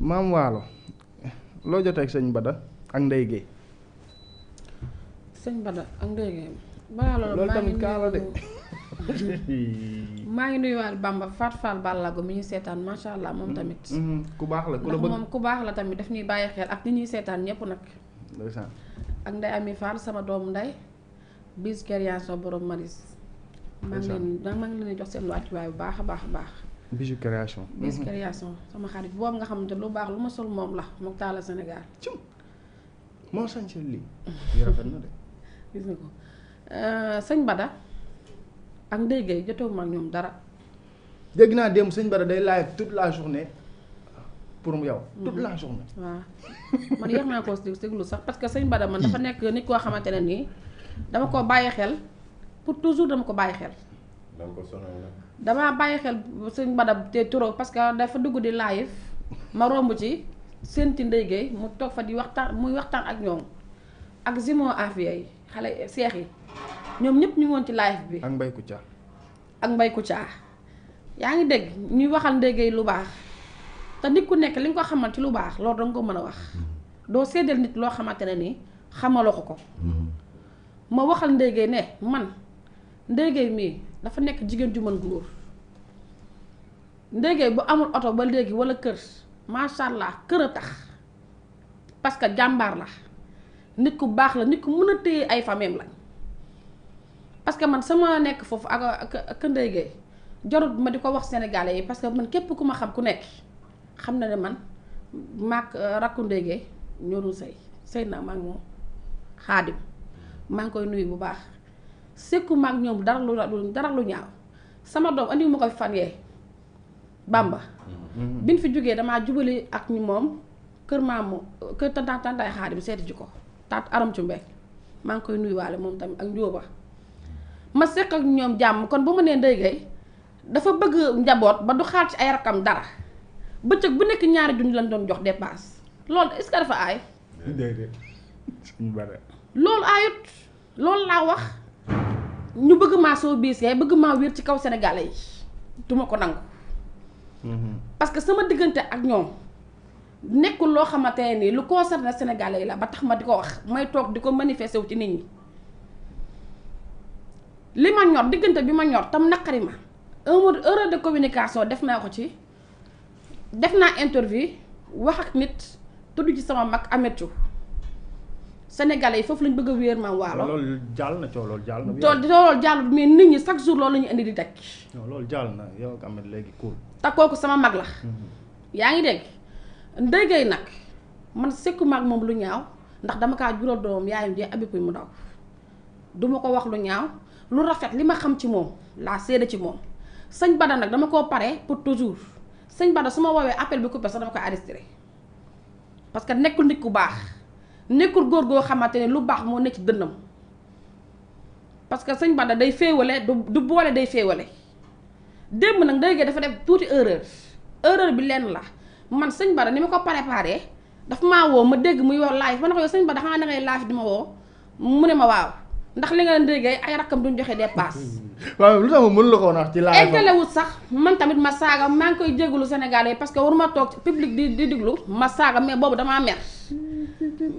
maam waalo loo jotee ak sëñ Bada ak Ndeye Guèye. sëñ Bada ak Ndeye Guèye. loolu tamit kaa la de maa ngi nuyuwaat Bamba Faat Fall Ballago mi ñu seetaan macha allah moom mm-hmm. tamit. Mm-hmm. ku baax la ku la bëgg moom ku baax la tamit daf ñuy bàyyi xel ak ni ñuy seetaan ñëpp nag. ak Ndeye Ami Fall sama doom ndey bis kër yaa borom maris maa ngi leen maa ngi leen jox seen wàccuwaay bu baax a baax a baax. bijou création. bijou mhm. création sama xarit boobu nga xamante lu baax lu ma sol moom la mook taala Sénégal. cum moo sañse lii. lii euh, sëñ Bada ak Ndeye Gueye jotewuma ñoom dara. dégg naa démb sëñ Bada day live toute la journée pour mu yow. Mhm. toute la journée. waaw man yéex naa ko déglu sax parce que sëñ Bada man dafa nekk nit koo xamante ne nii dama ko bàyyi xel pour toujours dama ko bàyyi xel. da nga ko damaa bàyyi xel sëñ badab te trop parce que dafa dugg di live ma romb ci sénti Ndeye Gueye mu toog fa di waxtaan muy waxtaan ak ñoom ak Zimon Afia yi xale seex yi ñoom ñëpp ñu ngi woon ci live bi. ak Mbaye Koutia. ak Mbaye Koutia yaa ngi dégg ñuy waxal Ndeye lu baax te nit ku nekk li nga ko xamal ci lu baax loolu danga ko mën a wax doo séddal nit loo xamante ne nii xamaloo ko ko. Mm-hmm. ma waxal Ndeye ne man Ndeye Gueye mii. dafa nekk jigéen ju mën góor ndéggéey bu amul oto ba léegi wala kër macha allah kër a tax parce que jàmbaar la nit ku baax la nit ku mën a téye ay fameem lañ parce que man sama nekk foofu ak ak ndéggéey jarut ma di ko wax sénégalais yi parce que man képp ku ma xam ku nekk xam na ne man maak euh, rakku ndéggéey ñoo doon sëy sëy naa maak moom xaadim maa ngi koy nuyu bu baax sekkuma ak ñoom dara lu dara lu ñaaw sama doom andiwu ma koy fan yee bamba mm-hmm. biñ fi jógee damaa jubali ak ñu moom kër maamu kër tantaan tantaay mu seeti ji ko taat aram ci maa ngi koy nuyuwaale moom tamit ak njóoba ma seq ak ñoom jàmm kon ba ma nee Ndeye dafa bëgg njaboot ba du xaar ci ay rakam dara bëccëg bu nekk ñaari junni lañ doon jox dépense lool est-ce que dafa aay. déedéet aayut loolu laa wax. ñu bëgg maa soo biis yaay bëgg maa wiir ci kaw sénégalais yi duma ko nangu mhm. parce que sama diggante ak ñoom nekkul loo xamante ne nii lu concerné sénégalais yi la ba tax ma di ko wax may toog di ko manifesté wu ci nit ñi li ma ñor diggante bi ma ñor tam naqari ma un erreur de communication def naa ko ci def naa interview wax ak nit tudd ci sama mag ametu sénégalais yi foofu lañ bëgg a wéer maam waalo loolu jàll na coow loolu jàll na tool loolu jàll mais nit ñi chaque jour loolu la ñu indi di teg loolu jàll na yow am na léegi cool sama mag la mhm. yaa ngi dégg ndéygay nag man sekku maag moom lu ñaaw ndax dama kaa jural doom yaayam jee abipuy mu ndaw duma ko wax lu ñaaw lu rafet li ma xam ci moom laa seede ci moom sëñ Bada nag dama koo pare pour toujours sëñ Bada su ma woowee appel bi coupé sax dama ko arrêté parce que nekkul nit ku baax nekkul góor goo xamante ne lu baax moo ne ci dënnam parce que sëñ Bada day féewale du du boole day féewale démb nag day dafa def tuuti erreur erreur bi lenn la man sëñ Bada ni ma ko préparé dafa maa woo ma dégg muy wax laay ma ne ko yow ba Bada xanaa da ngay live di ma woo mu ne ma waaw ndax li nga leen déggee ay rakkam duñ joxe dépasse waaw lu la ko ci laaj. eggalewut sax man tamit ma saaga maa ngi koy jégalu Sénégalais parce que ma toog public di di diglu ma saaga mais boobu damaa mer.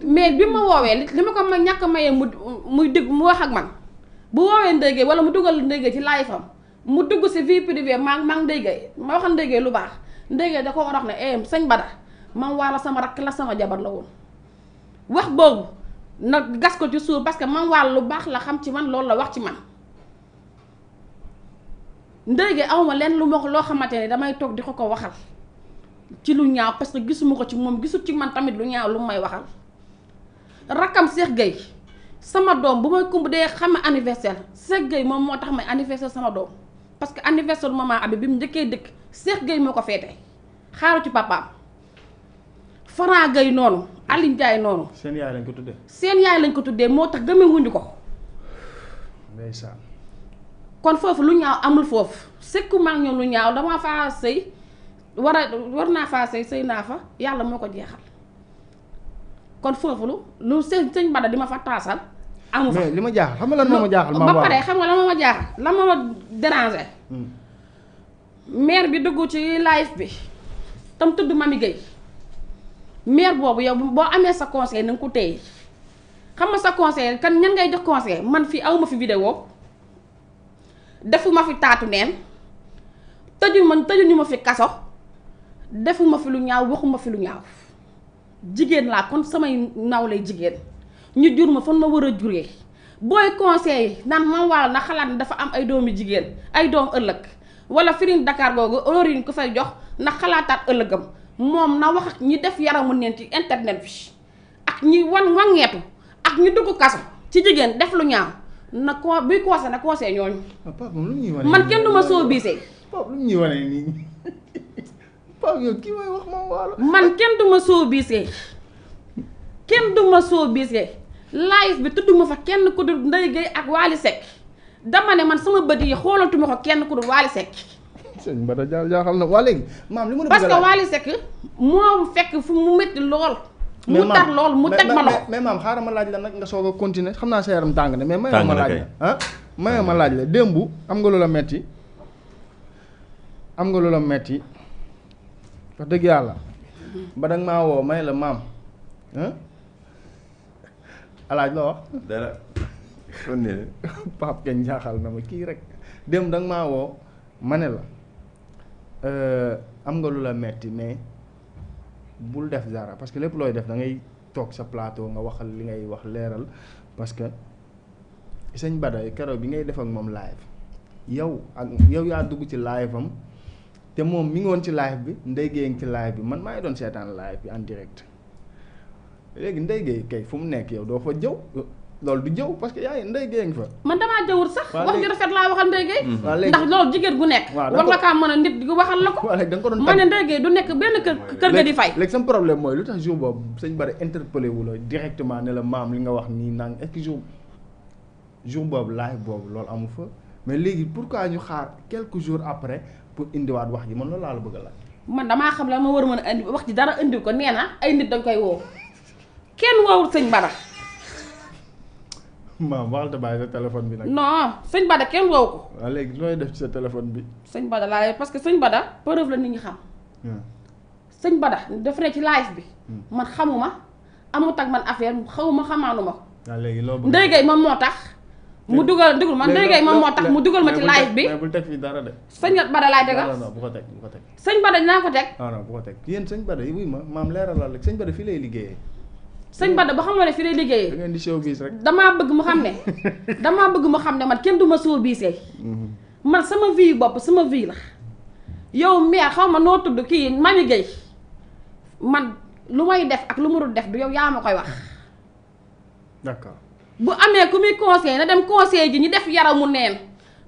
mais bi ma woowee li ma ko ma ñàkk mayee mu muy dig mu wax ak man bu woowee ndéygee wala mu dugal ndéygee ci laay fam mu dugg si vie privée maa maa ngi ndéygee ma waxal ndéygee lu baax ndéygee da ko war a wax ne eh sëñ Bada man waa sama rakk la sama jabar la woon wax boobu nag gas ko ci suuf parce que man waa lu baax la xam ci man loolu la wax ci man. ndëgge awma lenn lu ma loo xamante ne damay toog di ko ko waxal ci lu ñaaw parce que gisuma ko ci moom gisul ci man tamit lu ñaaw lu may waxal rakkam Cheikh Gueye sama doom bu may kumb dee xam anniversaire Cheikh Gueye moom moo tax may anniversaire sama doom parce que anniversaire maman abi bi mu njëkkee dëkk Cheikh Gueye moo ko feete xaaru ci papaam Fara Gueye noonu Aline Ndiaye noonu. seen yaay lañ ko tuddee. seen yaay lañ ko tuddee moo tax gëmewuñu ko. kon foofu lu ñaaw amul foofu sëkku ma ñoom lu ñaaw dama fa sëy war a war naa faa sëy sëy naa fa yàlla moo ko jeexal kon foofu lu lu sëñ sëñ Bada di ma fa taasal. amu fa mais li ma jaaxal xam nga lan ma jaaxal. ma ba pare xam nga lan moo ma jaaxal lan ma déranger. Hmm. maire bi dugg ci live bi tam tudd Mami Gueye maire boobu yow boo amee sa conseil na nga ko téye xam nga sa conseil kan ñan ngay jox conseil man fii awma fi vidéo defuma fi taatu neen tëju man tëju ñu ma fi kaso defuma fi lu ñaaw waxuma fi lu ñaaw jigéen laa kon samay naw lay jigéen ñu jur ma fan ma war a juree booy conseil naan man waal na xalaat ne dafa am ay doomi jigéen ay doom ëllëg wala firin Dakar googu orine ko fay jox na xalaataat ëllëgam moom na wax ak ñi def yaramu neen ci internet bi ak ñi wan wangeetu ak ñu dugg kaso ci jigéen def lu ñaaw na ko buy koose na koosee ñooñu. Ah, man kenn du ma soo biisee. lu ñuy wane nii man kenn du ma soo biisee kenn du ma soo biisee live bi tudd ma fa kenn ku dul Ndeye Gueye ak waali Seck dama ne man sama bët yi xoolatuma ko kenn ku dul Waly Seck. sëñ Bada xam na waa léegi maam li ma la. parce que Waly Seck fekk fu mu métti lool. mu tar lool mu teg ma lool mais maam xaaral ma laaj la nag nga soog a continuer xam naa sa yaram tàng na mais mayo ma laaj la ah? ma laaj la démb am nga loola metti am nga loola metti wax dëgg yàlla ba danga maa woo may la maam ah? alaaj la wax dara na ma kii rek démb danga maa woo ma ne la euh, am nga loola metti mais bul def dara parce que lépp looy def da ngay toog sa plateau nga waxal li ngay wax leeral parce que sëñ Bada keroog bi ngay def ak moom live yow ak yow yaa dugg ci live am te moom mi ngi ci live bi ndegee Gueye ngi ci live bi man maa ngi doon seetaan live bi en direct léegi Ndeye Gueye kay fu mu nekk yow doo fa jëw loolu du jëw parce que yaa ngi Ndeye Gueye ngi fa. man damaa jëwul sax. wax ju rafet laa waxal Ndeye Gueye. ndax loolu jigéen gu nekk. waaw war na kaa mën a nit di waxal la ko. waaw léegi da nga ko doon ma ne Ndeye Gueye du nekk benn kër kër di fay. léegi sama problème mooy lu tax jour boobu sëñ ne la maam li nga wax nii boobu laaj boobu loolu amu fa mais léegi quoi ñu xaar quelques jours après pour indiwaat wax ji man loolu laa la bëgg la man damaa xam la ma war a mën a indi wax ji dara indi ko neena ay nit dañ koy woo kenn woowul sëñ Bara maam waxal te bàyyi sa téléphone bi nag. non sañ Bada kenn woowu ko. waaw léegi nooy def ci sa téléphone bi. sëñ Bada laay parce que sëñ Bada preuve la nit ñi xam. sëñ Bada def ne ci live bi. Hmm. man xamuma amut ak man affaire xawuma xamaanuma ko. waaw léegi loo bëgg Ndeye Gueye moom moo tax. man moo tax mu dugal ma ci live bi mais bul teg fii dara de. sëñ Bada laay tegal non non bu ko teg bu ko teg. sëñ Bada dinaa ko teg. non non bu ko teg yéen sëñ Bada wuy ma maam leeralal rek sëñ Bada fii lay liggéeyee. sëñ Bada ba xam nga ne fi lay liggéeyee. da ngeen di showbiz rek. damaa bëgg mu xam ne damaa bëgg mu xam ne man kenn du ma showbizee mm-hmm. man sama vie bopp sama vie la yow mère xaw ma noo tudd kii ma liggéey man lu may def ak lu mu dul def du yow yaa ma koy wax. d'accord bu amee ku muy conseil na dem conseil ji ñu def yaramu neen.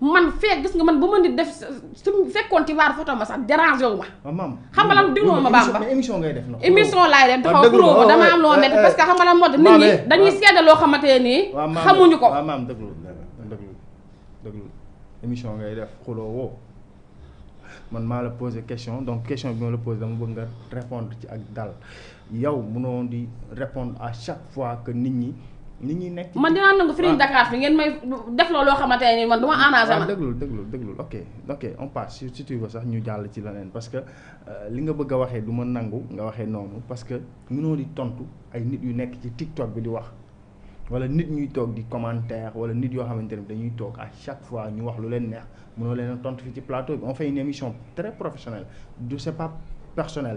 man fee gis nga man bu man di def su fekkoon ci waar photo ma sax dérange wu ma. Ah, xam nga lan ma baax ba émission ngay def émission laay def dafa kuróo dama am loo métti eh, eh. parce que xam nga lan moo eh, dañuy seede loo xamante nii xamuñu ko waaw maam déglu déglu déglu émission ngay def xuloo woo man maa la pose question donc question bi ma la posé dama bëgg nga répondre ci ak dal yow mënoo di répondre à chaque fois que nit ñi nit ñi nekk man dinaa nangu Feeling ah. Dakar fi ngeen may def loolu loo xamante ne man du ma arrangé ah, ma déglul déglul déglul ok ok on passe si si sax ñu jàll ci leneen parce que euh, li nga bëgg a waxee du ma nangu nga waxee noonu parce que mënoo di tontu ay nit yu nekk ci TikTok bi di wax wala nit ñuy toog di commentaire wala nit yoo xamante ne dañuy toog a chaque fois ñu wax lu leen neex mënoo leen tontu fii ci plateau bi on fait une émission très professionnelle du c'est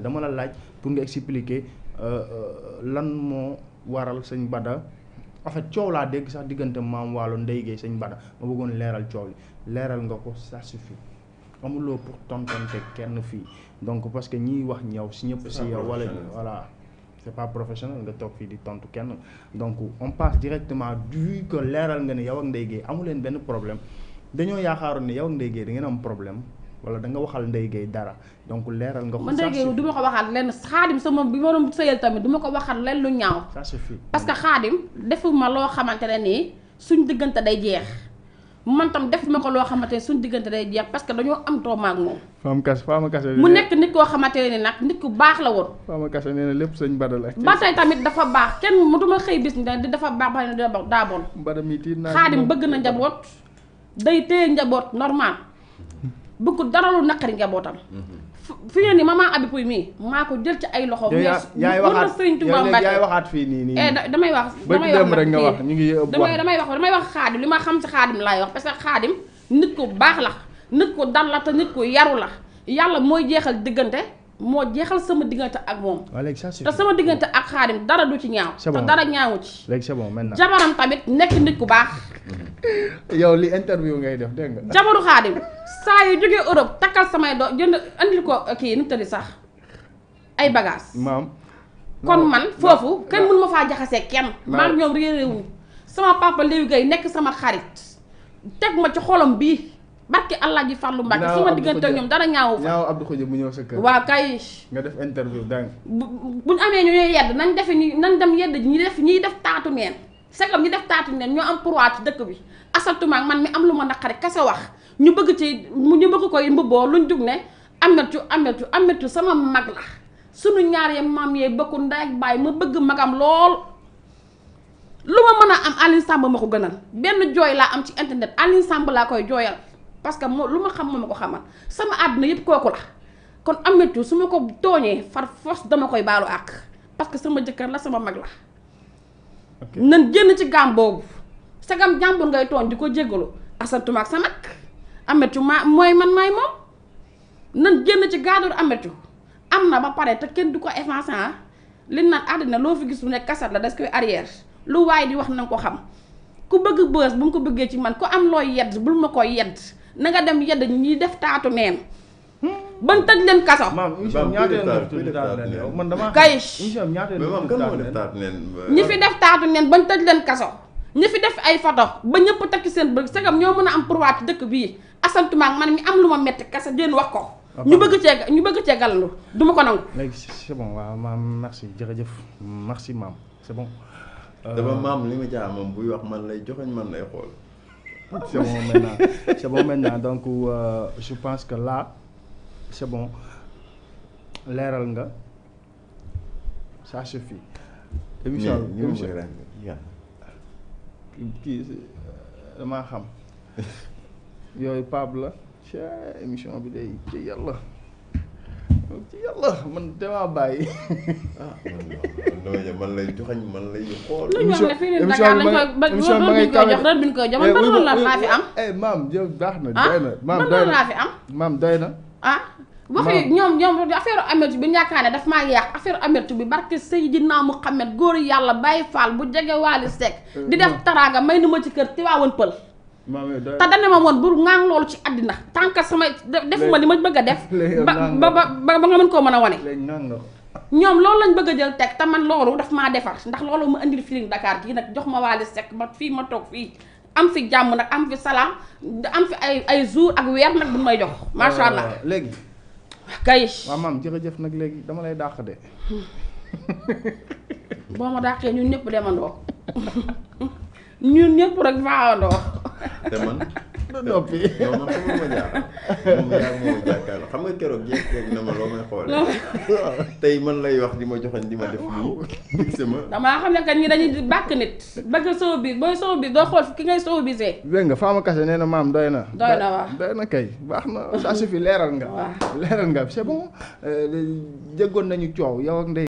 dama la laaj pour nga expliquer euh, euh, lan moo waral sëñ Bada parce fait coow laa dégg sax diggante maam Waalo Ndeye Gueye sëñ Bada ma bëggoon leeral coow li leeral nga ko ça suffit amuloo pour tontonte kenn fii donc parce que ñiy wax ñëw si ñëpp si yow wala voilà c'est pas professionnel nga toog fii di tontu kenn donc on passe directement vu que leeral nga ne yow ak Ndeye Gueye amu leen benn problème dañoo yaakaaroon ne yow ak Ndeye Gueye da ngeen am problème wala danga nga waxal Ndeye Gueye dara donc leeral nga ko. ma Ndeye Gueye ma ko waxal lenn xaadim sama bi ma doon sëyal tamit du ma ko waxal lenn lu ñaaw. ça parce que xaadim defuma loo xamante ne nii suñ diggante day jeex man tam defuma ko loo xamante ne suñ diggante day jeex parce que dañoo am doom ak moom. Fama Kassé Fama nekk nit koo xamante ne nag nit ku baax la woon. Fama Kassé nee na lépp sëñ Bada la. ba tey tamit dafa baax kenn mu duma xëy bis ni dafa baax ba daa bon. Bada mi tiit naa xaadim bëgg na njaboot day téye njaboot normal. bëgg dara lu naqari njabootam. Mm-hmm. fi ngeen ni maman Abi Pouy mii maa ko jël ci ay loxo. yaay waxaat yaay waxaat fii nii nii eh, damay wax damay wax rek nga wax ñu ngi damay damay wax damay wax li ma xam ci xaadim laay wax parce que xaadim nit ku baax la nit ku dal la te nit ku yaru la yàlla mooy jeexal diggante moo jeexal sama diggante ak moom. te sama diggante ak xaadim dara du ci ñaaw. te dara ñaawu ci. jabaram tamit nekk nit ku baax. Mm-hmm. yow li interview ngay def dégg nga. jabaru xaadim saa yu jógee Europe takkal samay do jënd andil ko uh, kii nu mu tëdd sax ay bagages. maam kon man foofu kenn mënu ma faa jaxasee kenn. maa ngi ñoom réeréewuñu sama papa Léwi Guèye nekk sama xarit teg ma ci xolam bii barki allah ji farlu Mbàkke sama diggante ak ñoom dara ñaawu fa. ñaaw Abdou Khoudia bu ñëw sa kër. waaw kay. nga def interview dégg bu ñu amee ñu ñuy yedd nañ defi ñu nañ dem yedd ñi def ñiy def taatu neen. segam ñi def taatu neen ñoo am pourwaa ci dëkk bi asaltumaak man mi am lu a naqari kese wax ñu bëgg ci ñu bëgg koy mbubboo ñu jug ne amet yu amet yu amet yu sama mag la sunu ñaar ya maam yee bokku ndey ak baay ma bëgg magam lool lu ma mën a am Alioune Samb ma ko gënal benn jooy laa am ci internet Alioune Samb laa koy jooyal parce que moo lu ma xam moo ma ko xamal sama àdduna yëpp kooku la kon ametu su ma ko tooñee far fos dama koy baalu àkk parce que sama jëkkër la sama mag nan génn ci gaam boobu sagam jàmbur ngay tooñ di ko jégalu asantuma ak sa nag ametu ma mooy man maay moom nan génn ci gaadoor ametu am na ba pare te kenn du ko effacé ah. li naan àddina loo fi gis bu nekk kasat la des koy arrière lu waaye di wax na nga ko xam ku bëgg bës bu mu ko bëggee ci man ku am looy yedd bul ma koy yedd na nga dem yedd ñi def taatu neen ban tëj leen kaso. maam émission man dama kay euh, ñi fi def taatu neen ban tëj leen kaso. ñi fi def ay photo ba ñëpp takki seen bëgg sagam ñoo mën a am pourwaat ci dëkk bii asantumaak man mi am lu ma metti kase déen wax ko. Ah, ñu bëgg cee ñu bëgg cee galandu du ma ko nangu. léegi c'est bon waaw maam merci jërëjëf merci maam c'est bon. Euh, dama maam li ma jaa moom buy wax man lay joxeñ man lay xool. c'est bon maintenant c'est bon maintenant donc euh, je pense que là. c'est bon leeral nga ça suffit. émission émission kii damaa xam yooyu Pape la ci émission bi day ci yàlla ci yàlla man damaa bàyyi. ah man lay joxañ man lay xool. émission émission bi ma émission bi ma ngay kawe rëdd ko jox rëdd ñu koy jox man ban rëdd laa fi am. maam jël baax na doy na maam doy na ah. wax yi ñoom ñoom affaire amertu bi ñàkkaa ne daf maa yàq affaire amertu bi barke Seydina Muhammad góor yàlla Baye Fall bu jege Waly Seck eh, di def taraanga may na ma ci kër Tiwaawan Pël eh, te dana ma woon bu ŋaang loolu ci àddina tant que sama ma li ma bëgg a def ba ba ba ba nga mën koo mën a wane ñoom loolu lañ bëgg a jël teg te man loolu daf maa defar ndax loolu ma indil Feeling dakaar gii nag jox ma Waly Seck ma fii ma toog fii am fi jàmm nag am fi salaam am fi ay ay jour ak weer nag may jox macha allah ah, léegi kay. waaw maam jërëjëf nag léegi dama lay dàq de. boo ma dàqee ñun ñëpp demandoo ñun ñëpp rek faawandoo. te man. du noppi. ma jaar moom yaa ngi moom jàkkaarloo xam nga keroog jéeg na ma loo may xool. tey man lay wax di ma joxoon di ma def nii. dig sama damaa xam ne kat ñi dañuy bàkk nit. bëgg soo bi booy soo bi doo xool ki ngay soo bisee. dégg nga Fama Kassé na maam doy na. doy na waaw doy na kay baax na ça suffit leeral nga. leeral nga c'est bon. Euh, nañu coow yow ak Ndeye